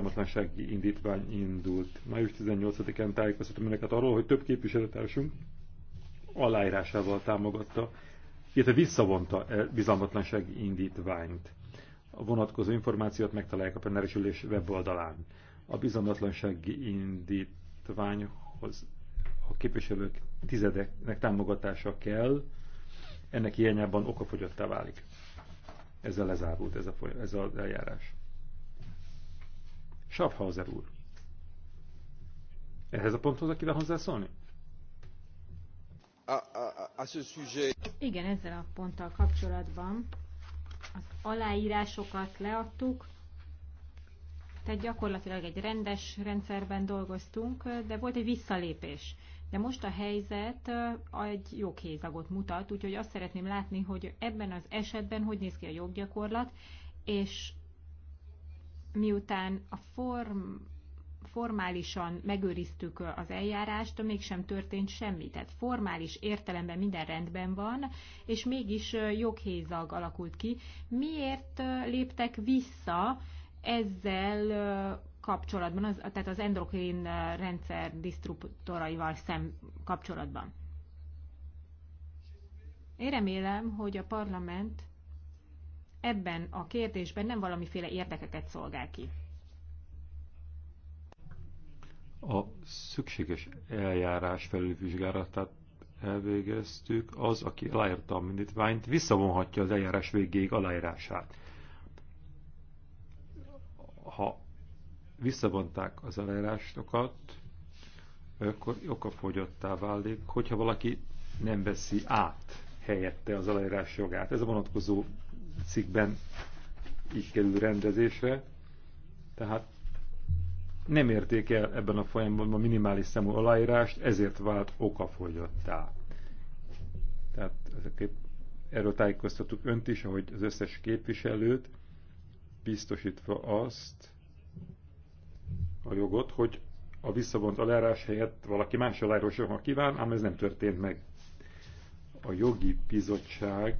bizalmatlansági indítvány indult. Május 18-án tájékoztatom önöket arról, hogy több képviselőtársunk aláírásával támogatta, illetve visszavonta a e bizalmatlansági indítványt. A vonatkozó információt megtalálják a plenáris ülés weboldalán. A bizalmatlansági indítványhoz a képviselők tizedeknek támogatása kell, ennek hiányában okafogyottá válik. Ezzel lezárult ez, a, ez az eljárás. Schaffhauser úr. Ehhez a ponthoz aki hozzászólni? Igen, ezzel a ponttal kapcsolatban az aláírásokat leadtuk, tehát gyakorlatilag egy rendes rendszerben dolgoztunk, de volt egy visszalépés. De most a helyzet egy joghézagot mutat, úgyhogy azt szeretném látni, hogy ebben az esetben hogy néz ki a joggyakorlat, és miután a form, formálisan megőriztük az eljárást, mégsem történt semmi. Tehát formális értelemben minden rendben van, és mégis joghézag alakult ki. Miért léptek vissza ezzel kapcsolatban, az, tehát az endokrin rendszer disztruktoraival szem kapcsolatban? Én remélem, hogy a parlament ebben a kérdésben nem valamiféle érdekeket szolgál ki. A szükséges eljárás felülvizsgálatát elvégeztük, az, aki aláírta a mindítványt, visszavonhatja az eljárás végéig aláírását. Ha visszavonták az aláírásokat, akkor okafogyottá válik, hogyha valaki nem veszi át helyette az aláírás jogát. Ez a vonatkozó cikkben így kerül rendezésre, tehát nem érték el ebben a folyamban a minimális számú aláírást, ezért vált okafogyottá. Tehát ezeket, erről tájékoztattuk önt is, ahogy az összes képviselőt, biztosítva azt a jogot, hogy a visszavont alárás helyett valaki más aláíráson, ha kíván, ám ez nem történt meg. A jogi bizottság